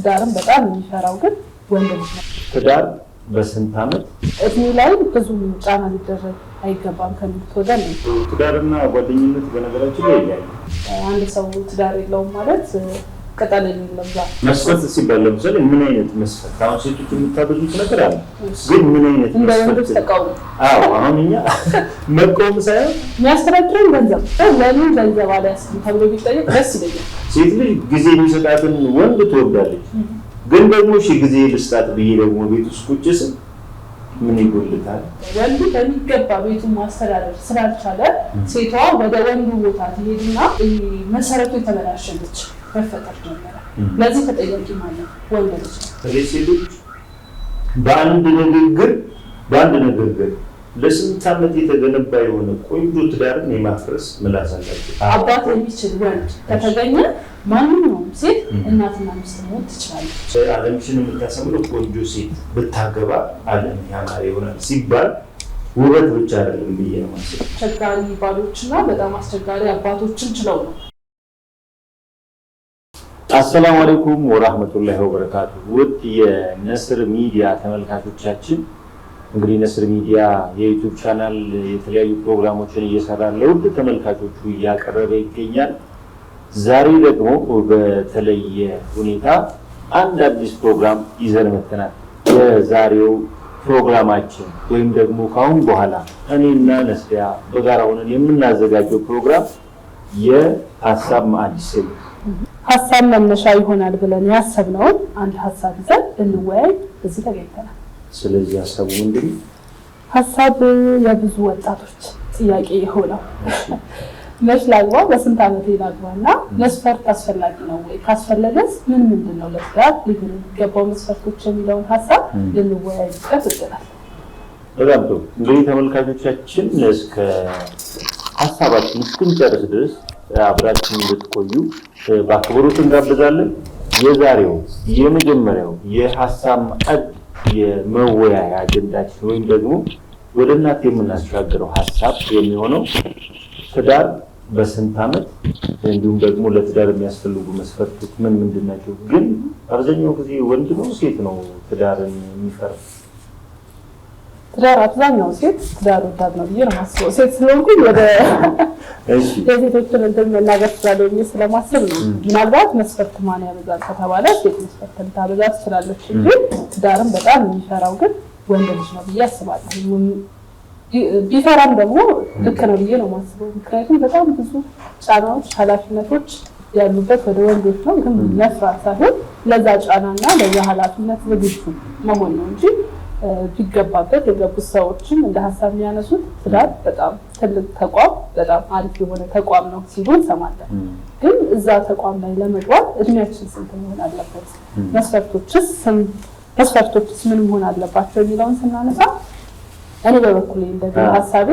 ትዳርም በጣም የሚፈራው ግን ወንድ ልጅ ነው። ትዳር በስንት ዓመት እድሜ ላይ ብዙ ጫና ሊደረግ አይገባም ከሚሉት ወገን ትዳርና ጓደኝነት በነገራችን ላይ ይለያል። አንድ ሰው ትዳር የለውም ማለት ቅጠል መስፈርት ሲባል ለምሳሌ ምን አይነት መስፈርት? አሁን ሴቶች የምታበዙት ነገር አለ፣ ግን ምን አይነት መስፈርት? አዎ አሁን እኛ መቆም ሳይሆን የሚያስተዳድረን ገንዘብ ለምን ገንዘብ አልያዝ ተብሎ ቢጠየቅ ደስ ይለኛል። ሴት ልጅ ጊዜ የሚሰጣትን ወንድ ትወዳለች፣ ግን ደግሞ ሺ ጊዜ ልስጣት ብዬ ደግሞ ቤት ውስጥ ቁጭ ስል ምን ይጎልታል? ወንዱ በሚገባ ቤቱን ማስተዳደር ስላልቻለ ሴቷ ወደ ወንዱ ቦታ ትሄድና መሰረቱ የተበላሸለች መፈጠር ጀመረ። ለዚህ ተጠያቂ ማለት ወንድ ልጅ በአንድ ንግግር በአንድ ንግግር ለስንት ዓመት የተገነባ የሆነ ቆንጆ ትዳርን የማፍረስ ምላስ አላቸው። አባት የሚችል ወንድ ከተገኘ ማንኛውም ሴት እናትና ሚስት መሆን ትችላለች። ዓለምሽን የምታሰምረው ቆንጆ ሴት ብታገባ ዓለም ያማረ ይሆናል ሲባል ውበት ብቻ አይደለም ብዬ ነው ማሰብ። አስቸጋሪ ባሎችና በጣም አስቸጋሪ አባቶችን ችለው ነው አሰላሙ አለይኩም ወራህመቱላሂ ወበረካቱ። ውድ የነስር ሚዲያ ተመልካቾቻችን እንግዲህ ነስር ሚዲያ የዩቲዩብ ቻናል የተለያዩ ፕሮግራሞችን እየሰራ ለውድ ተመልካቾቹ እያቀረበ ይገኛል። ዛሬ ደግሞ በተለየ ሁኔታ አንድ አዲስ ፕሮግራም ይዘን መጥተናል። የዛሬው ፕሮግራማችን ወይም ደግሞ ከአሁን በኋላ እኔና ነስሪያ በጋራ ሆነን የምናዘጋጀው ፕሮግራም የሀሳብ ማዕድ ስል ሀሳብ መነሻ ይሆናል ብለን ያሰብነውን አንድ ሀሳብ ይዘን እንወያይ እዚህ ተገኝተናል። ስለዚህ ሀሳቡ ምንድን ነው? ሀሳብ የብዙ ወጣቶች ጥያቄ የሆነው መች ላግባ፣ በስንት ዓመቴ ላግባ እና መስፈርት አስፈላጊ ነው ወይ፣ ካስፈለገስ ምን ምንድን ነው ለትዳር ሊሆን የሚገባው መስፈርቶች የሚለውን ሀሳብ ልንወያይበት እጥላል። በጣም ጥሩ እንግዲህ ተመልካቾቻችን እስከ ሀሳባችን እስክንጨርስ ድረስ አብራችን እንድትቆዩ በአክብሮት እንጋብዛለን። የዛሬው የመጀመሪያው የሀሳብ ማዕድ የመወያያ አጀንዳችን ወይም ደግሞ ወደ እናት የምናሸጋግረው ሀሳብ የሚሆነው ትዳር በስንት ዓመት እንዲሁም ደግሞ ለትዳር የሚያስፈልጉ መስፈርቶች ምን ምንድን ናቸው? ግን አብዛኛው ጊዜ ወንድ ነው ሴት ነው ትዳርን የሚፈርም ትዳር አብዛኛው ሴት ትዳር ወዳድ ነው ብዬ ነው የማስበው። ሴት ስለሆንኩኝ ወደ የሴቶችን እንትን መናገር ስላለ ስለማስብ ነው። ምናልባት መስፈርት ማን ያበዛል ከተባለ ሴት መስፈርትን ታበዛ ትችላለች እንጂ ትዳርም በጣም የሚፈራው ግን ወንድ ልጅ ነው ብዬ አስባለሁ። ቢፈራም ደግሞ ልክ ነው ብዬ ነው የማስበው። ምክንያቱም በጣም ብዙ ጫናዎች፣ ኃላፊነቶች ያሉበት ወደ ወንዶች ነው። ግን መፍራት ሳይሆን ለዛ ጫናና ለዛ ኃላፊነት ዝግጁ መሆን ነው እንጂ ቢገባበት የገቡት ሰዎችም እንደ ሀሳብ የሚያነሱት ትዳር በጣም ትልቅ ተቋም በጣም አሪፍ የሆነ ተቋም ነው ሲሉ ሰማለን። ግን እዛ ተቋም ላይ ለመግባት እድሜያችን ስንት መሆን አለበት፣ መስፈርቶችስ መስፈርቶችስ ምን መሆን አለባቸው የሚለውን ስናነሳ እኔ በበኩሌ እንደ ሀሳቤ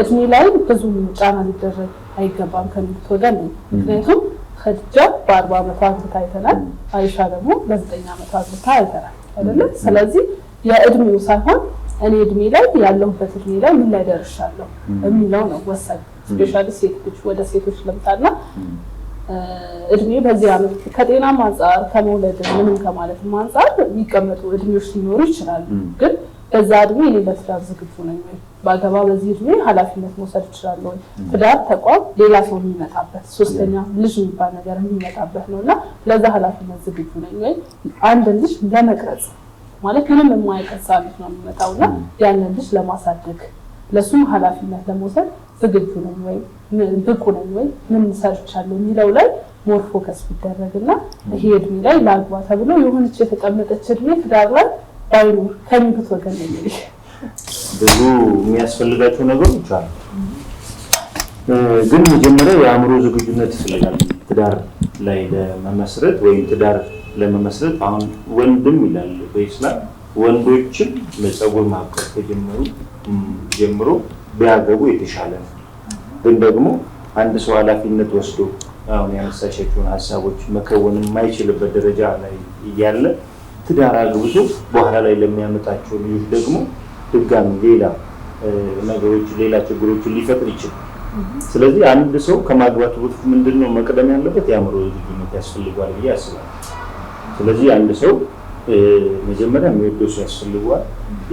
እድሜ ላይ ብዙ ጫና ሊደረግ አይገባም ከሚሉት ወገን ነው። ምክንያቱም ከድጃ በአርባ ዓመቷ አግብታ አይተናል። አይሻ ደግሞ በዘጠኝ ዓመቷ አግብታ አይተናል አይደለም። ስለዚህ የእድሜው ሳይሆን እኔ እድሜ ላይ ያለሁበት እድሜ ላይ ምን ላይ ደርሻለሁ የሚለው ነው ወሳኝ። ስፔሻሊ ሴት ልጅ ወደ ሴቶች ለምታና እድሜ በዚህ ነው። ከጤናም አንጻር ከመውለድ ምንም ከማለት አንጻር የሚቀመጡ እድሜዎች ሊኖሩ ይችላሉ። ግን በዛ እድሜ እኔ ለትዳር ዝግጁ ነኝ ወይ፣ በአገባ በዚህ እድሜ ኃላፊነት መውሰድ ይችላለ ወይ፣ ትዳር ተቋም፣ ሌላ ሰው የሚመጣበት ሶስተኛ ልጅ የሚባል ነገር የሚመጣበት ነው እና ለዛ ኃላፊነት ዝግጁ ነኝ ወይ፣ አንድ ልጅ ለመቅረጽ ማለት ምንም የማያቀሳ ልጅ ነው የሚመጣውና ያንን ልጅ ለማሳደግ ለእሱም ኃላፊነት ለመውሰድ ዝግጁ ነኝ ወይ ብቁ ነኝ ወይ ምን ሰርቻለሁ የሚለው ላይ ሞር ፎከስ ቢደረግና ይሄ እድሜ ላይ ላግባ ተብሎ የሆነች የተቀመጠች እድሜ ትዳር ላይ ባይኑ ከሚሉት ወገን ነው የሚልሽ። ብዙ የሚያስፈልጋቸው ነገር ይቻላል። ግን መጀመሪያ የአእምሮ ዝግጁነት ይፈልጋል ትዳር ላይ ለመመስረት ወይም ትዳር ለመመስረት አሁን ወንድም ይላል በኢስላም ወንዶችም ለፀጉር ማብቀል ከጀመሩ ጀምሮ ቢያገቡ የተሻለ ነው። ግን ደግሞ አንድ ሰው ኃላፊነት ወስዶ አሁን ያነሳሻቸውን ሀሳቦች መከወን የማይችልበት ደረጃ ላይ እያለ ትዳር አግብቶ በኋላ ላይ ለሚያመጣቸው ልጆች ደግሞ ድጋሚ ሌላ ነገሮች፣ ሌላ ችግሮችን ሊፈጥር ይችላል። ስለዚህ አንድ ሰው ከማግባቱ በፊት ምንድን ነው መቅደም ያለበት? የአእምሮ ዝግጁነት ያስፈልገዋል ብዬ አስባለሁ። ስለዚህ አንድ ሰው መጀመሪያ የሚወደው ሰው ያስፈልገዋል።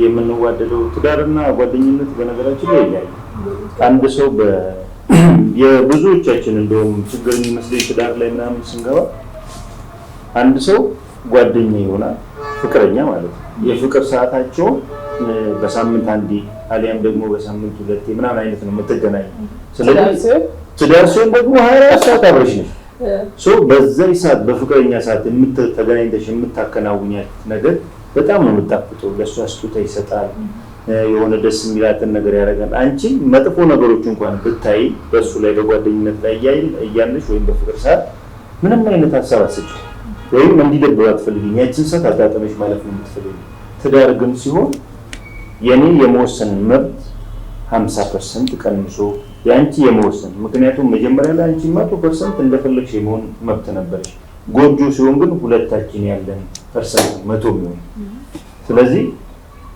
የምንዋደደው ትዳርና ጓደኝነት በነገራችን ላይ ይለያል። አንድ ሰው የብዙዎቻችን እንደውም ችግር የሚመስለኝ ትዳር ላይ ምናምን ስንገባ አንድ ሰው ጓደኛ ይሆናል፣ ፍቅረኛ ማለት ነው። የፍቅር ሰዓታቸውን በሳምንት አንዴ አሊያም ደግሞ በሳምንት ሁለቴ ምናምን አይነት ነው የምትገናኝ። ስለዚህ ትዳር ሲሆን ደግሞ ሀያ አራት ሰዓት አብረሽ ነው በዛ ሰዓት በፍቅረኛ ሰዓት ተገናኝተሽ የምታከናውኛት ነገር በጣም ነው የምታፍጠው። ለእሷ ስጦታ ይሰጣል፣ የሆነ ደስ የሚላትን ነገር ያደርጋል። አንቺ መጥፎ ነገሮች እንኳን ብታይ በእሱ ላይ በጓደኝነት ላይ እያለሽ ወይም በፍቅር ሰዓት ምንም አይነት ሀሳብ አስጭ ወይም እንዲደብር አትፈልጊኝ። ያችን ሰዓት አጣጠመሽ ማለት ነው የምትፈልጊ። ትዳር ግን ሲሆን የኔ የመወሰን መብት ሀምሳ ፐርሰንት ቀንሶ የአንቺ የመወሰን ምክንያቱም መጀመሪያ ላይ አንቺ መቶ ፐርሰንት እንደፈለግሽ የመሆን መብት ነበረሽ። ጎጆ ሲሆን ግን ሁለታችን ያለን ፐርሰንት መቶ የሚሆን ስለዚህ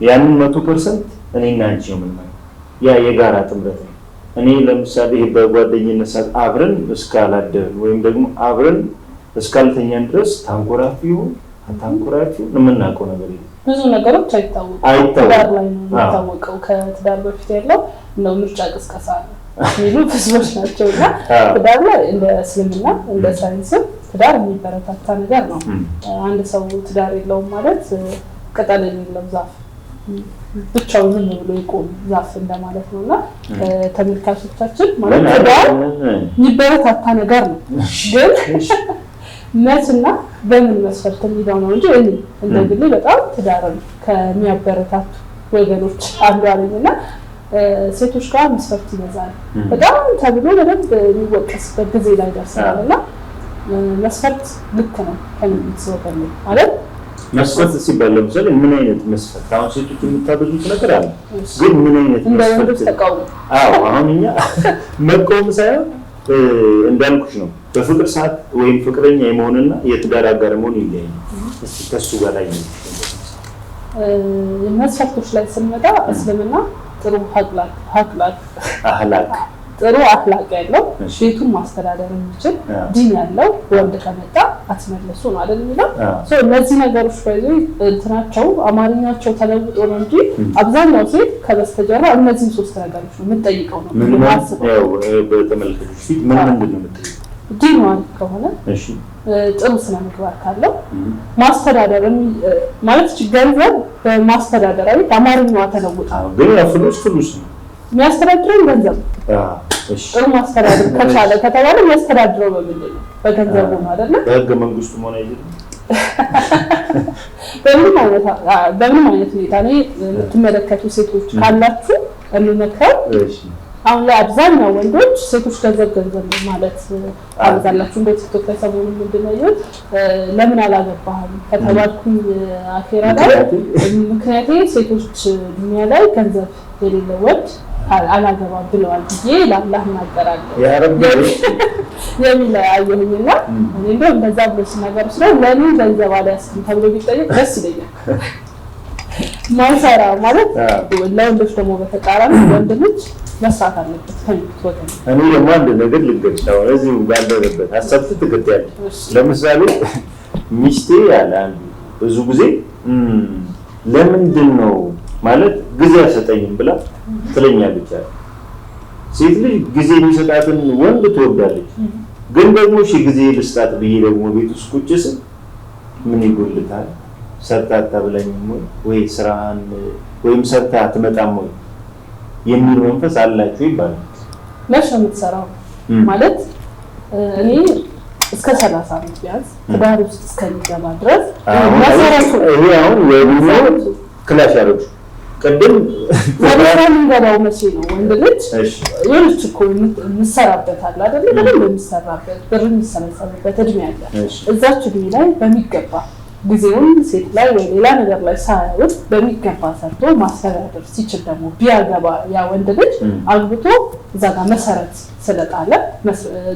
ያንን መቶ ፐርሰንት እኔና አንቺ ነው የምናየው። ያ የጋራ ጥምረት ነው። እኔ ለምሳሌ በጓደኝነት ሰዓት አብረን እስካላደርን ወይም ደግሞ አብረን እስካልተኛን ድረስ ታንኮራፊ ይሁን ታንኮራፊ የምናውቀው ነገር የለም። ብዙ ነገሮች አይታወቁም። ትዳር ላይ ነው የሚታወቀው። ከትዳር በፊት ያለው ነው ምርጫ ቅስቀሳ ነው የሚሉ ብዙዎች ናቸው እና ትዳር ላይ እንደ እስልምና እንደ ሳይንስም ትዳር የሚበረታታ ነገር ነው። አንድ ሰው ትዳር የለውም ማለት ቅጠል የሌለው ዛፍ ብቻው ዝም ብሎ ይቆም ዛፍ እንደማለት ነው እና ተመልካቾቻችን ማለት ትዳር የሚበረታታ ነገር ነው ግን መችና በምን መስፈርት የሚለው ነው እንጂ እኔ እንደግሌ በጣም ትዳርን ከሚያበረታቱ ወገኖች አንዷ ነኝ እና ሴቶች ጋር መስፈርት ይበዛል በጣም ተብሎ በደንብ የሚወቀስበት ጊዜ ላይ ደርሰናል እና መስፈርት ልክ ነው ከሚሰወቀል ማለት መስፈርት ሲባል ለምሳሌ ምን አይነት መስፈርት አሁን ሴቶች የምታበዙት ነገር አለ ግን ምን አይነት መስፈርት አሁን እኛ መቃወም ሳይሆን እንዳልኩሽ ነው በፍቅር ሰዓት ወይም ፍቅረኛ የመሆንና የትዳር አጋር መሆን ይለያል ከሱ ጋር ላይ መስፈርቶች ላይ ስንመጣ እስልምና ጥሩ አህላቅ ጥሩ አህላቅ ያለው ቤቱን ማስተዳደር የሚችል ዲን ያለው ወንድ ከመጣ አትመለሱ ነው አይደል የሚለው። እነዚህ ነገሮች ባይዞ እንትናቸው አማርኛቸው ተለውጦ ነው እንጂ አብዛኛው ሴት ከበስተጀርባ እነዚህም ሶስት ነገሮች ነው የምጠይቀው ነው። ምን ምን ያው በተመልካቾች ፊት ምን ምንድን ነው የምጠይቀው? ዲኗን ከሆነ ጥሩ ስነ ምግባር ካለው ማስተዳደር ማለት ገንዘብ በማስተዳደራዊ አማርኛዋ ተለውጣ የሚያስተዳድረን ገንዘብ ጥሩ ማስተዳደር ከቻለ ከተባለ የሚያስተዳድረው በምንድን ነው? በገንዘቡ ማለት በህገ መንግስቱ ሆነ በምንም አይነት ሁኔታ ነው የምትመለከቱ ሴቶች ካላችሁ የሚመክረው አሁን ላይ አብዛኛው ወንዶች ሴቶች ገንዘብ ገንዘብ ነው ማለት አበዛላችሁ። እንደ ቲክቶክ ላይ ሰሞኑን ምንድን ነው ለምን አላገባህም ከተባልኩኝ አፌራ ላይ ምክንያቴ ሴቶች ዱኒያ ላይ ገንዘብ የሌለ ወንድ አላገባ ብለዋል ብዬ ለአላህ እናገራለሁ የሚል እኔ እንዲሁ እንደዛ ብሎ ሲናገሩ ስለ ለእኔ ገንዘብ አልያዝም ተብሎ ቢጠየቅ ደስ ይለኛል። ማንሰራ ማለት ለወንዶች ደግሞ በተቃራኒ ወንድ ልጅ መስራት አለበት። እኔ ደግሞ አንድ ነገር አሁን እዚህ ሀሳብ ትክክል። ለምሳሌ ሚስቴ ያለ አንዱ ብዙ ጊዜ ለምንድን ነው ማለት ጊዜ አሰጠኝም ብላ ትለኛለች። ሴት ልጅ ጊዜ የሚሰጣትን ወንድ ትወዳለች። ግን ደግሞ እሺ ጊዜ ልስጣት ብዬ ደግሞ ቤት ውስጥ ቁጭ ስል ምን ይጎልታል? ሰርታ አታብላኝም ወይ ወይ ወይም ሰርታ አትመጣም ወይ የሚል መንፈስ አላችሁ ይባላል። መች ነው የምትሰራው ማለት እኔ እስከ ሰላሳ ዓመት ቢያንስ ትዳር ውስጥ እስከሚገባ ድረስ ይሄ አሁን የቡኖ ክላሽ ያደረጉ ቅድም መደራ ምንገባው መቼ ነው? ወንድ ልጅ የልጅ እኮ የምሰራበት አለ አይደለ? በደንብ የሚሰራበት ብር የሚሰበሰብበት እድሜ አለ። እዛች እድሜ ላይ በሚገባ ጊዜውን ሴት ላይ ወይ ሌላ ነገር ላይ ሳያውጥ በሚገባ ሰርቶ ማስተዳደር ሲችል ደግሞ ቢያገባ ያ ወንድ ልጅ አግብቶ እዛ ጋር መሰረት ስለጣለ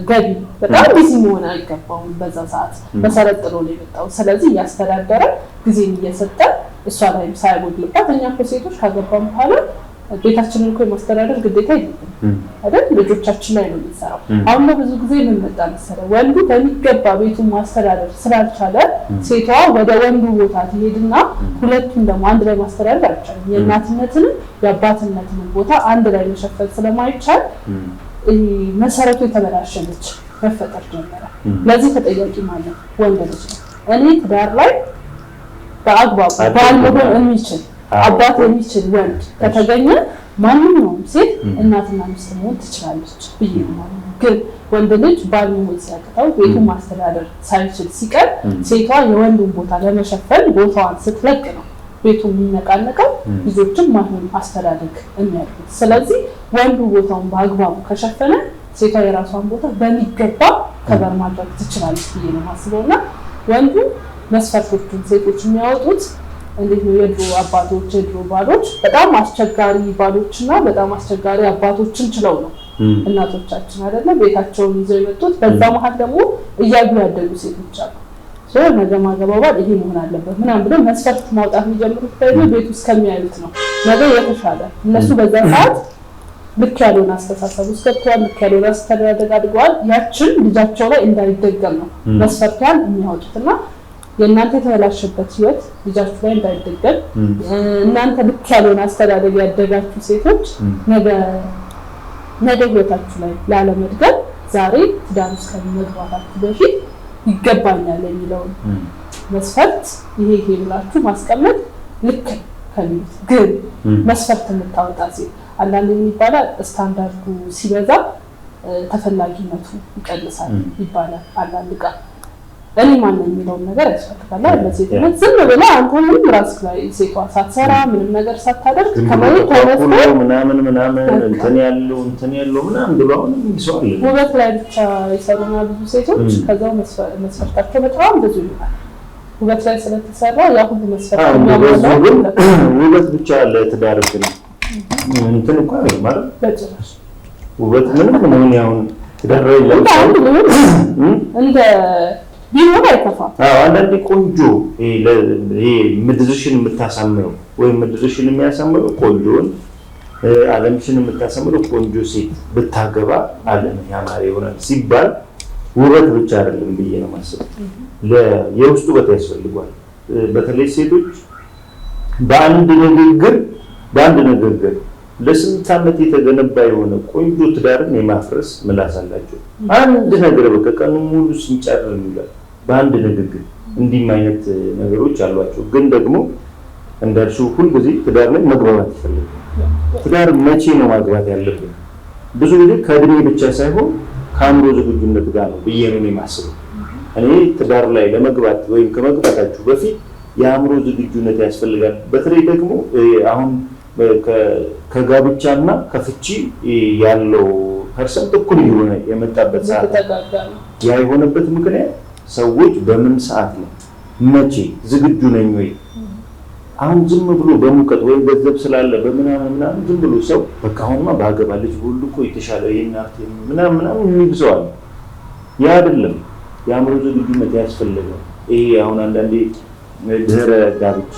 ገቢ በጣም ቢዚ መሆን አይገባውም። በዛ ሰዓት መሰረት ጥሎ ነው የመጣው። ስለዚህ እያስተዳደረ ጊዜን እየሰጠ እሷ ላይም ሳያጎድልባት እኛ ሴቶች ካገባም በኋላ ቤታችንን እኮ የማስተዳደር ግዴታ ይ አይደል ልጆቻችን ላይ ነው የምንሰራው። አሁን ብዙ ጊዜ የምንመጣ መሰለህ ወንዱ በሚገባ ቤቱን ማስተዳደር ስላልቻለ ሴቷ ወደ ወንዱ ቦታ ትሄድና ሁለቱም ደግሞ አንድ ላይ ማስተዳደር አልቻለም። የእናትነትንም የአባትነትንም ቦታ አንድ ላይ መሸፈን ስለማይቻል መሰረቱ የተበላሸነች መፈጠር ጀመረ። ለዚህ ተጠያቂ ማለት ወንድ ልጅ ነው። እኔ ትዳር ላይ በአግባቡ ባል መሆን የሚችል አባት የሚችል ወንድ ከተገኘ ማንኛውም ሴት እናትና ሚስት መሆን ትችላለች ብዬ ነው። ግን ወንድ ልጅ ባል መሆን ሲያቅተው ቤቱ ማስተዳደር ሳይችል ሲቀር ሴቷ የወንዱን ቦታ ለመሸፈን ቦታዋን ስትለቅ ነው ቤቱ የሚነቃነቀው ልጆችም ማንም አስተዳደግ የሚያድጉት። ስለዚህ ወንዱ ቦታውን በአግባቡ ከሸፈነ ሴቷ የራሷን ቦታ በሚገባ ከበር ማድረግ ትችላለች ብዬ ነው ማስበው እና ወንዱ መስፈርቶቹን ሴቶች የሚያወጡት እንዴት ነው የድሮ አባቶች የድሮ ባሎች በጣም አስቸጋሪ ባሎች እና በጣም አስቸጋሪ አባቶችን ችለው ነው እናቶቻችን አይደለ ቤታቸውን ይዘው የመጡት። በዛ መሀል ደግሞ እያዩ ያደጉ ሴቶች አሉ። ነገ ማገባ ባል ይሄ መሆን አለበት ምናም ብለው መስፈርት ማውጣት የሚጀምሩት ደግሞ ቤት ውስጥ ከሚያዩት ነው። ነገ የተሻለ እነሱ በዛ ሰዓት ልክ ያልሆነ አስተሳሰብ ውስጥ ገብተዋል። ልክ ያልሆነ አስተዳደግ አድገዋል። ያችን ልጃቸው ላይ እንዳይደገም ነው መስፈርቷን የሚያወጡት እና የእናንተ የተበላሸበት ህይወት ልጃችሁ ላይ እንዳይደገም እናንተ ልክ ያልሆነ አስተዳደግ ያደጋችሁ ሴቶች ነገ ህይወታችሁ ላይ ላለመድገም ዛሬ ትዳር ውስጥ ከመግባታችሁ በፊት ይገባኛል የሚለውን መስፈርት ይሄ ይሄ ብላችሁ ማስቀመጥ ልክ ከሚሉት ግን መስፈርት የምታወጣ ሴት አንዳንድ የሚባላል ስታንዳርዱ ሲበዛ ተፈላጊነቱ ይቀንሳል ይባላል። አንዳንድ ቃል እኔ ማነው የሚለውን ነገር ያስፈልጋል። ለዚህ ግን ዝም ብላ አንተ ምንም ራስህ ላይ ሴቷ ሳትሰራ ምንም ነገር ሳታደርግ ከመሬት ተነስቶ ምናምን ምናምን እንትን ያለው እንትን ያለው ምናምን ብሎ አሁንም ይሰዋል። ውበት ላይ ብቻ ይሰሩና ብዙ ሴቶች ከዛው መስፈርታቸው በጣም ብዙ ይሆናል። ውበት ላይ ስለተሰራ ያ ሁሉ መስፈርት ውበት ብቻ ለትዳር ግን እንትን እኮ አይደለም ማለት በጭራሽ ውበት ምንም ምን ያሁን ትዳር ላይ እንደ ቢሆን አይከፋም። አንዳንዴ ቆንጆ ምድርሽን የምታሳምረው ወይም ምድርሽን የሚያሳምረው ቆንጆን ዓለምሽን የምታሳምረው ቆንጆ ሴት ብታገባ ዓለም ያማረ ይሆናል ሲባል ውበት ብቻ አይደለም ብዬ ነው የማስበው። የውስጥ ውበት ያስፈልጓል። በተለይ ሴቶች በአንድ ንግግር በአንድ ንግግር ለስንት ዓመት የተገነባ የሆነ ቆንጆ ትዳርን የማፍረስ ምላስ አላቸው። አንድ ነገር በቃ ሙሉ ሲንጨርር ይላል በአንድ ንግግር። እንዲህም አይነት ነገሮች አሏቸው። ግን ደግሞ እንዳልሽው ሁልጊዜ ትዳር ላይ መግባባት ይፈልጋል። ትዳር መቼ ነው ማግባት ያለብን? ብዙ ጊዜ ከእድሜ ብቻ ሳይሆን ከአእምሮ ዝግጁነት ጋር ነው ብዬ ነው የማስበው። እኔ ትዳር ላይ ለመግባት ወይም ከመግባታችሁ በፊት የአእምሮ ዝግጁነት ያስፈልጋል። በተለይ ደግሞ አሁን ከጋብቻና ከፍቺ ያለው ፐርሰንት እኩል የሆነ የመጣበት ሰዓት ያ የሆነበት ምክንያት ሰዎች በምን ሰዓት ነው መቼ ዝግጁ ነኝ ወይ አሁን ዝም ብሎ በሙቀት ወይም ገንዘብ ስላለ በምናምን ምናምን ዝም ብሎ ሰው በቃ አሁንማ በአገባ ልጅ ሁሉ እኮ የተሻለ ይናት ምናምን ምናምን የሚብዘዋል። ያ አይደለም። የአእምሮ ዝግጁነት ያስፈልጋል። ይሄ አሁን አንዳንዴ ድህረ ጋብቻ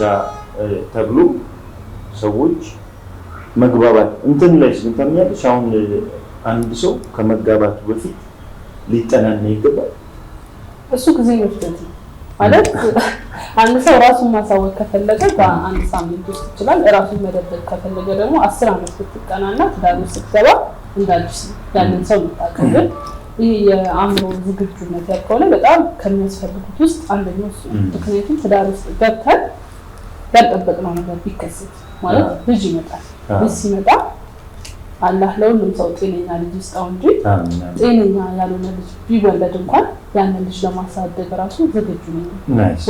ተብሎ ሰዎች መግባባት እንትን ላይ ስንተምኛለች። አሁን አንድ ሰው ከመጋባቱ በፊት ሊጠናና ይገባል። እሱ ጊዜ ይወስደት ማለት አንድ ሰው ራሱን ማሳወቅ ከፈለገ በአንድ ሳምንት ውስጥ ይችላል። ራሱን መደበቅ ከፈለገ ደግሞ አስር አመት ብትጠናና ትዳር ውስጥ ስትገባ እንዳዲስ ያንን ሰው ልታውቀው ይህ የአእምሮ ዝግጁነት ያልከሆነ በጣም ከሚያስፈልጉት ውስጥ አንደኛው እሱ። ምክንያቱም ትዳር ውስጥ ገብተን ያልጠበቅነው ነገር ቢከሰት ማለት ልጅ ይመጣል። ልጅ ሲመጣ አላህ ለሁሉም ሰው ጤነኛ ልጅ ይስጠው እንጂ ጤነኛ ያልሆነ ልጅ ቢወለድ እንኳን ያንን ልጅ ለማሳደግ ራሱ ዝግጁ ነው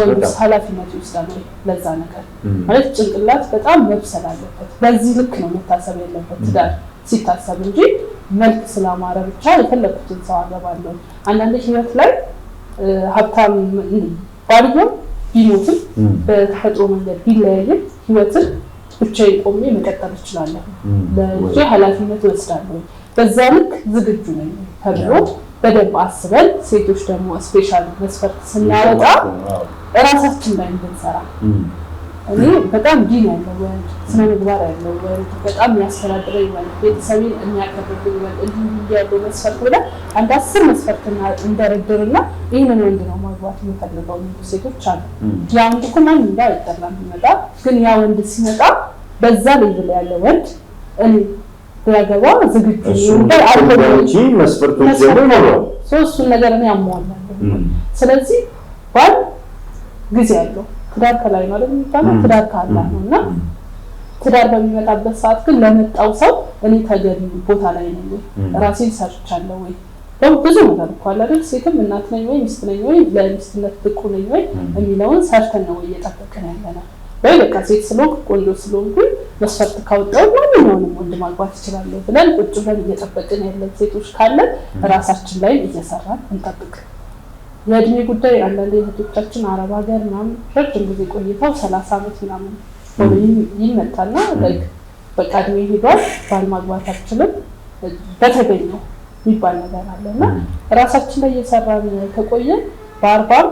ወይስ ኃላፊነት ይወስዳል ለዛ ነገር ማለት ጭንቅላት በጣም መብሰል አለበት። በዚህ ልክ ነው መታሰብ ያለበት ትዳር ሲታሰብ እንጂ መልክ ስላማረ ብቻ የፈለኩትን ሰው አገባለሁ። አንዳንድ ህይወት ላይ ሀብታም ባልየው ቢሞትም በተፈጥሮ መንገድ ቢለያይም ህይወትን ብቻዬን ቆሜ መቀጠል እችላለሁ፣ ለእጄ ኃላፊነት ወስዳለሁ፣ በዛ ልክ ዝግጁ ነኝ ተብሎ በደንብ አስበን ሴቶች ደግሞ ስፔሻል መስፈርት ስናወጣ እራሳችን ላይ እንድንሰራ እኔ በጣም ዲን ያለው ወንድ፣ ስነ ምግባር ያለው ወንድ፣ በጣም የሚያስተዳድረ ወንድ፣ ቤተሰቤን የሚያከብርብኝ ወንድ እንዲህ እንዲህ ያለው መስፈርት ብለን አንድ አስር መስፈርት እንደረድርና ይህንን ወንድ ነው ማግባት የሚፈልገው የሚሉ ሴቶች አሉ። ያ ወንድ እኮ ማን እንደ አይጠራም ይመጣ። ግን ያ ወንድ ሲመጣ በዛ ልጅ ላይ ያለ ወንድ እኔ ያገባ ዝግጁ መስፈርቶች እሱን ነገር እኔ አሟላለሁ። ስለዚህ ባል ጊዜ አለው ትዳር ከላይ ማለት የሚባለው ትዳር ከአላህ ነው እና ትዳር በሚመጣበት ሰዓት ግን ለመጣው ሰው እኔ ተገቢ ቦታ ላይ ነው ወይ ራሴን ሰርቻለሁ ወይ ብዙ ነገር እኮ አለ አይደል? ሴትም እናት ነኝ ወይ ሚስት ነኝ ወይ ለሚስትነት ብቁ ነኝ ወይ የሚለውን ሰርተን ነው እየጠበቅን ያለ ነው ወይ በቃ ሴት ስለሆንኩ ቆንጆ ስለሆንኩኝ መስፈርት ካወጣው ማንኛውንም ወንድ ማግባት እችላለሁ ብለን ቁጭ ብለን እየጠበቅን ያለን ሴቶች ካለን ራሳችን ላይ እየሰራን እንጠብቅ። የእድሜ ጉዳይ አንዳንድ እህቶቻችን አረብ ሀገር ምናምን ረጅም ጊዜ ቆይተው ሰላሳ ዓመት ምናምን ይመጣና በቃ እድሜ ሄዷል፣ ባል ማግባት አልችልም በተገኘው የሚባል ነገር አለ እና ራሳችን ላይ እየሰራን ከቆየ በአርባም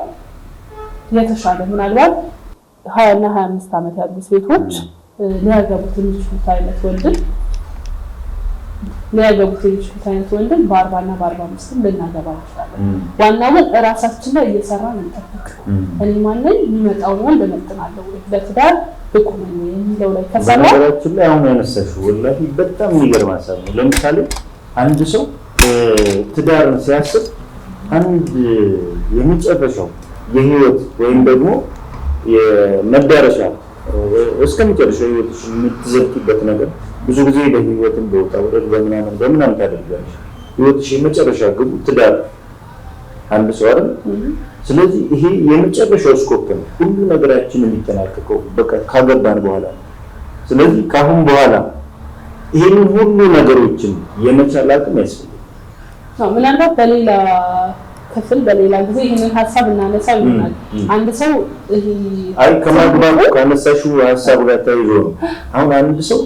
የተሻለ ምናልባት ሀያ ሀያና ሀያ አምስት ዓመት ያሉ ሴቶች ሊያገቡት የሚችሉት አይነት ወንድን ሊያገቡት የሚችሉት አይነት ወንድም በአርባና በአርባ አምስትም ልናገባ እንችላለን። ዋናው ግን እራሳችን ላይ እየሰራ እንጠብቅ። እኔ ማነኝ የሚመጣውን ወንድ እመጥናለሁ ለትዳር ብቁ ነኝ የሚለው ላይ ከሰራ ነገራችን ላይ አሁን ያነሳሽው ወላሂ በጣም የሚገርም ሀሳብ ነው። ለምሳሌ አንድ ሰው ትዳርን ሲያስብ አንድ የመጨረሻው የህይወት ወይም ደግሞ የመዳረሻ እስከ መጨረሻው ህይወት የምትዘልቂበት ነገር ብዙ ጊዜ በህይወትም በወጣ ውረድ በምናምን በምናምን ታደርጋለች። ህይወትሽ የመጨረሻ ግቡ ትዳር አንድ ሰው አይደል? ስለዚህ ይሄ የመጨረሻው ስኮፕ ነው። ሁሉ ነገራችን የሚጠናቀቀው በቃ ካገባን በኋላ ነው። ስለዚህ ከአሁን በኋላ ይህን ሁሉ ነገሮችን የመቻል አቅም ያስፈልጋል። ምናልባት በሌላ ክፍል በሌላ ጊዜ ይህንን ሀሳብ እናነሳ ይሆናል። አንድ ሰው አይ ከማግባቱ ካነሳሽው ሀሳብ ጋር ተያይዞ ነው አሁን አንድ ሰው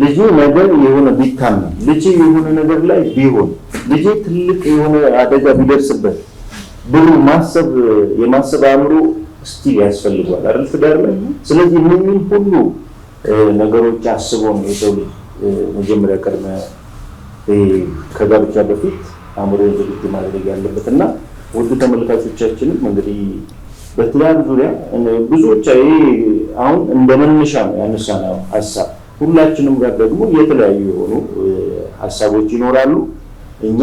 ልጅ ነገር የሆነ ቢታመም ልጅ የሆነ ነገር ላይ ቢሆን ልጅ ትልቅ የሆነ አደጋ ቢደርስበት ብሎ ማሰብ የማሰብ አእምሮ እስቲ ያስፈልጓል አይደል? ትዳር ላይ ስለዚህ እነኝህም ሁሉ ነገሮች አስቦ ነው የሰው ልጅ መጀመሪያ ቀድመ ከጋብቻ በፊት አእምሮ ዝግጁ ማድረግ ያለበት እና ውድ ተመልካቾቻችንም እንግዲህ በትዳር ዙሪያ ብዙዎች ይሄ አሁን እንደ መነሻ ነው ያነሳነው ሀሳብ ሁላችንም ጋር ደግሞ የተለያዩ የሆኑ ሀሳቦች ይኖራሉ። እኛ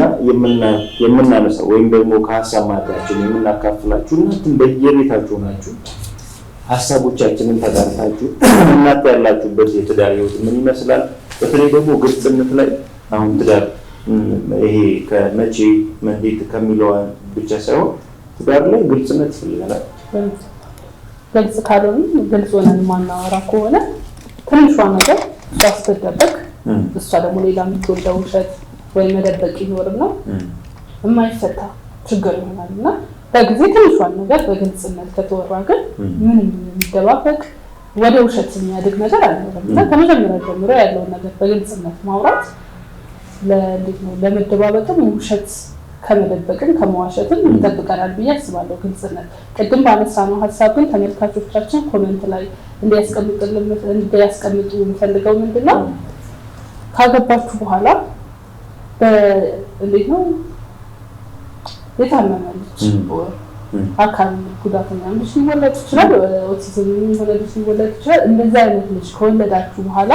የምናነሳው ወይም ደግሞ ከሀሳብ ማዕከላችን የምናካፍላችሁ እናንተም በየቤታችሁ ናችሁ ሀሳቦቻችንን ተጋርታችሁ እናንተ ያላችሁበት የትዳር ህይወት ምን ይመስላል? በተለይ ደግሞ ግልጽነት ላይ አሁን ትዳር ይሄ ከመቼ እንዴት ከሚለው ብቻ ሳይሆን ትዳር ላይ ግልጽነት ይፈልገናል። ግልጽ ካልሆነ ግልጽ ሆነን ማናወራ ከሆነ ትንሿን ነገር ባስደበቅ እሷ ደግሞ ሌላ የምትወልደው ውሸት ወይ መደበቅ ነው። የማይፈታ ችግር ይሆናል እና በጊዜ ትንሿን ነገር በግልጽነት ከተወራ ግን ምንም የሚደባበቅ ወደ ውሸት የሚያድግ ነገር አልኖርም እና ከመጀመሪያ ጀምሮ ያለውን ነገር በግልጽነት ማውራት ለምንድን ነው ለመደባበቅም ውሸት ከመደበቅን ከመዋሸትን ይጠብቀናል ብዬ አስባለሁ። ግልጽነት ቅድም ባነሳነው ሀሳብ ግን ተመልካቾቻችን ኮመንት ላይ እንዲያስቀምጡ የምፈልገው ምንድን ነው ካገባችሁ በኋላ እንዴት ነው የታመመ ልጅ አካል ጉዳተኛ ልጅ ሊወለድ ይችላል። ኦቲዝም የሆነ ልጅ ሊወለድ ይችላል። እንደዚህ አይነት ልጅ ከወለዳችሁ በኋላ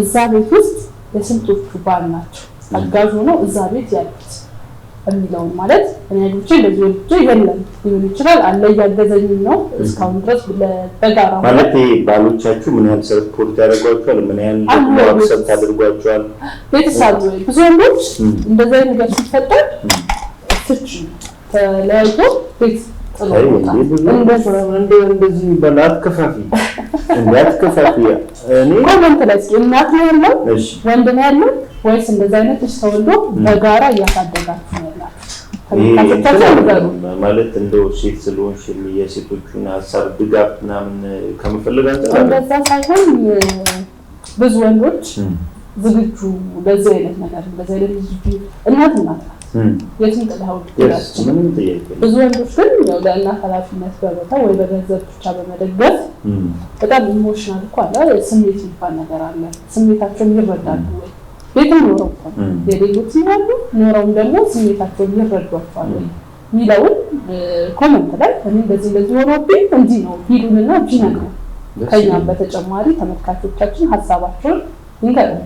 እዛ ቤት ውስጥ የስንቶቹ ባል ናቸው አጋዥ ሆነው እዛ ቤት ያሉት የሚለውን ማለት እኔ ልጅ እንደዚህ የለም ሊሆን ይችላል አለ እያገዘኝ ነው እስካሁን ድረስ በጋራ ማለት ባሎቻችሁ ምን ያህል ሰፖርት ያደርጓቸዋል? ምን ያህል ሰብት አድርጓቸዋል? ቤተሰብ ብዙ ወንዶች እንደዚህ ነገር ሲፈጠር ፍቺ ተለያይቶ ቤት እንደዚህ አትከፋፊ እንደ አትከፋፊ። እኔ ኮመንት ላይ እናት ነው ያለው ወንድ ነው ያለው ወይስ እንደዚህ አይነት ተወልዶ በጋራ እያሳደጋችሁ ማለት እንደው ሴት ስለሆንሽ የሴቶቹን ሀሳብ ድጋፍ ምናምን ከመፈለግ አንጻር እንደዛ ሳይሆን ብዙ ወንዶች ዝግጁ ለዚህ አይነት ነገር ለዚህ አይነት ዝግጁ እናት እናት የትም ጥላሁን ብዙ ወንዶች ግን ለእናት ኃላፊነት በቦታ ወይ በገንዘብ ብቻ በመደገፍ በጣም ኢሞሽናል እኮ አለ ስሜት የሚባል ነገር አለ። ስሜታቸውን ይረዳሉ ወይ ቤትም ኖረው እኮ የሌሎት ይላሉ ኖረውም ደግሞ ስሜታቸውን ይረዷቸዋል የሚለውን ኮመንት ላይ እኔ በዚህ በዚህ ሆኖብኝ እንዲህ ነው ሂዱንና እጅ ከኛም በተጨማሪ ተመልካቾቻችን ሀሳባቸውን ይንገረን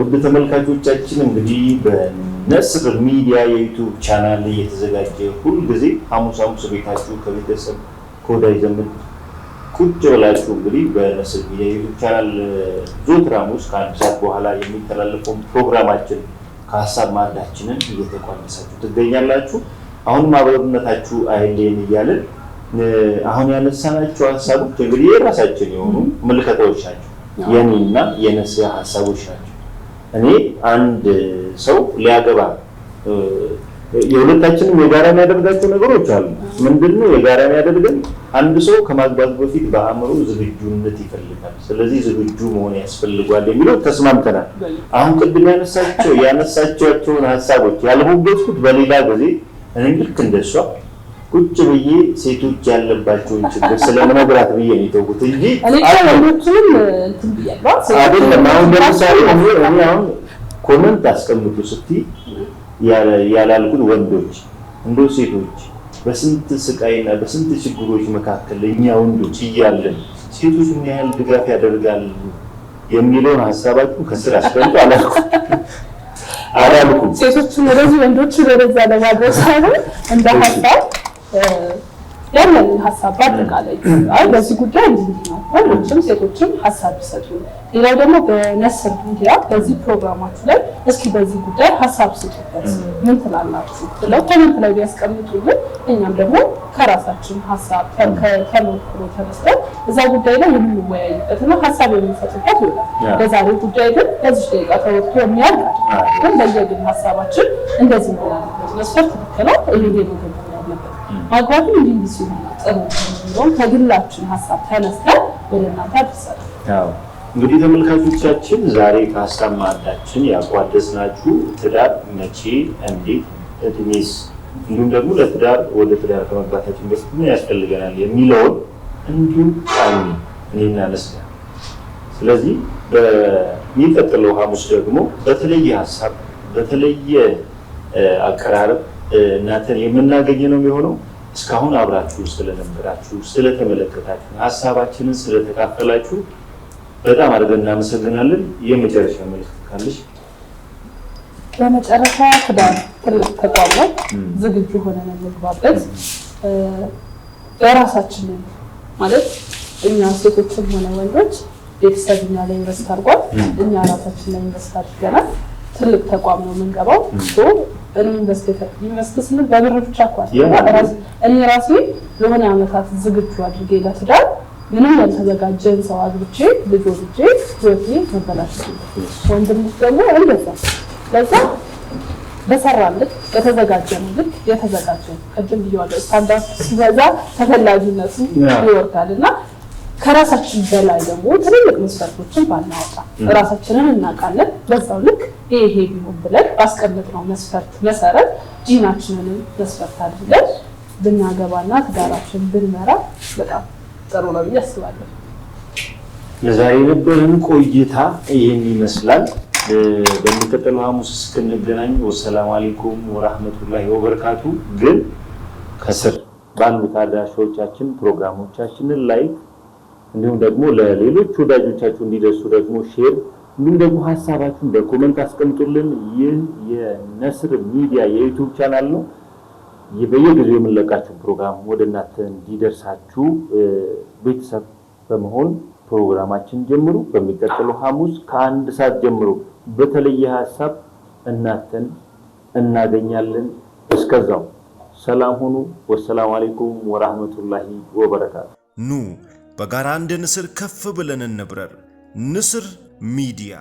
ውድ ተመልካቾቻችን እንግዲህ በነስር ሚዲያ የዩቱብ ቻናል እየተዘጋጀ ሁልጊዜ ሐሙስ ሐሙስ ቤታችሁ ከቤተሰብ ከወዳጅ ዘመድ ቁጭ ብላችሁ እንግዲህ በነስር ሚዲያ የዩቱብ ቻናል ዞትር ሐሙስ ከአንድ ሰዓት በኋላ የሚተላለፈውን ፕሮግራማችን ከሀሳብ ማዕዳችንን እየተቋደሳችሁ ትገኛላችሁ። አሁንም አብሮነታችሁ አይለየን እያለን አሁን ያነሳናቸው ሀሳቦች እንግዲህ የራሳችን የሆኑ ምልከታዎች ናቸው። የኔና የነስያ ሀሳቦች ናቸው። እኔ አንድ ሰው ሊያገባ የሁለታችንም የጋራ የሚያደርጋቸው ነገሮች አሉ። ምንድነው የጋራ የሚያደርገን? አንድ ሰው ከማግባት በፊት በአእምሮ ዝግጁነት ይፈልጋል። ስለዚህ ዝግጁ መሆን ያስፈልጓል የሚለው ተስማምተናል። አሁን ቅድም ያነሳቸው ያነሳቸውን ሀሳቦች ያልሞገትኩት በሌላ ጊዜ እኔ ልክ እንደሷ ቁጭ ብዬ ሴቶች ያለባቸውን ችግር ስለመግራት ብዬ ነው የተውኩት እንጂ አይደለም። አሁን ለምሳሌ እኔ አሁን ኮመንት አስቀምጡ ስትይ ያላልኩት ወንዶች እንዶ ሴቶች በስንት ስቃይና በስንት ችግሮች መካከል እኛ ወንዶች እያለን ሴቶች ምን ያህል ድጋፍ ያደርጋሉ የሚለውን ሀሳባችሁ ከስር አስቀምጡ አላልኩ አላልኩም። ሴቶችን ወደዚህ ወንዶችን ወደዛ ለማድረግ ሳይሆን እንደ ሀሳብ ለምን ሀሳብ በአጠቃላይ አይ በዚህ ጉዳይ ነው፣ ወንዶችም ሴቶችም ሀሳብ ይሰጡ። ሌላው ደግሞ በነሰር ሚዲያ በዚህ ፕሮግራማችሁ ላይ እስኪ በዚህ ጉዳይ ሀሳብ ስጡበት፣ ምን ትላላችሁ ብለው ኮመንት ላይ ቢያስቀምጡልን እኛም ደግሞ ከራሳችን ሀሳብ ተሞክሮ ተነስተን እዛ ጉዳይ ላይ የምንወያይበትና ሀሳብ የምንሰጥበት ይሆናል። በዛሬ ጉዳይ ግን በዚህ ደቂቃ ተወጥቶ የሚያልቅ ግን በየግል ሀሳባችን እንደዚህ ሆናል መስፈር ትክክለው ይሄ ነው ማግባትም እንዲህ እንዲህ ጥሩ ነው። ከግላችን ሀሳብ ተነስተን ወደ እናንተ አድርሰናል። እንግዲህ ተመልካቾቻችን ዛሬ ከሀሳብ ማዕዳችን ያቋደስናችሁ ትዳር መቼ፣ እንዴት፣ እድሜስ እንዲሁም ደግሞ ለትዳር ወደ ትዳር ከመግባታችን በፊት ምን ያስፈልገናል የሚለውን እንዲሁም ቃሚ እኔና ነስጋ ስለዚህ በሚቀጥለው ሐሙስ ደግሞ በተለየ ሀሳብ በተለየ አቀራረብ እናንተን የምናገኝ ነው የሚሆነው። እስካሁን አብራችሁ ስለነበራችሁ፣ ስለተመለከታችሁ፣ ሀሳባችንን ስለተካፈላችሁ በጣም አድርገን እናመሰግናለን። የመጨረሻ መልዕክት ካለሽ? በመጨረሻ ክዳን ትልቅ ተቋም ነው። ዝግጁ ሆነን እንግባበት። በራሳችንን ማለት እኛ ሴቶችም ሆነ ወንዶች ቤተሰብ እኛ ላይ ኢንቨስት አድርጓል፣ እኛ ራሳችን ላይ ኢንቨስት አድርገናል። ትልቅ ተቋም ነው የምንገባው ኢንቨስት ስንል በብር ብቻ እኔ ራሴ ለሆነ ዓመታት ዝግጁ አድርጌ ለትዳር ምንም ያልተዘጋጀን ሰው አግብቼ ልጅ ወልጄ ህይወቴ መበላሽ ወንድም ደግሞ እንደዛ ለዛ በሰራለት በተዘጋጀን ልክ የተዘጋጀን ቅድም ብያለሁ ስታንዳርድ ሲበዛ ተፈላጊነቱ ይወርዳል እና ከራሳችን በላይ ደግሞ ትልልቅ መስፈርቶችን ባናወጣ እራሳችንን እናውቃለን። በዛው ልክ ይሄ ቢሆን ብለን ባስቀመጥነው መስፈርት መሰረት ጂናችንንም መስፈርት አድርገን ብናገባና ትዳራችን ብንመራ በጣም ጥሩ ነው ብዬ አስባለሁ። ለዛሬ የነበረን ቆይታ ይህን ይመስላል። በሚቀጥለው ሐሙስ እስክንገናኝ ወሰላም አሌይኩም ወራህመቱላሂ ወበረካቱ። ግን ከስር ባሉ ታዳሾቻችን ፕሮግራሞቻችንን ላይ እንዲሁም ደግሞ ለሌሎች ወዳጆቻችሁ እንዲደርሱ ደግሞ ሼር እንዲሁም ደግሞ ሀሳባችሁን በኮመንት አስቀምጡልን። ይህ የነስር ሚዲያ የዩቱብ ቻናል ነው። በየጊዜው የምንለቃችሁ ፕሮግራም ወደ እናንተ እንዲደርሳችሁ ቤተሰብ በመሆን ፕሮግራማችን ጀምሩ። በሚቀጥለው ሐሙስ ከአንድ ሰዓት ጀምሮ በተለየ ሀሳብ እናንተን እናገኛለን። እስከዛው ሰላም ሁኑ። ወሰላም አሌይኩም ወራህመቱላሂ ወበረካቱ ኑ በጋራ እንደ ንስር ከፍ ብለን እንብረር። ንስር ሚዲያ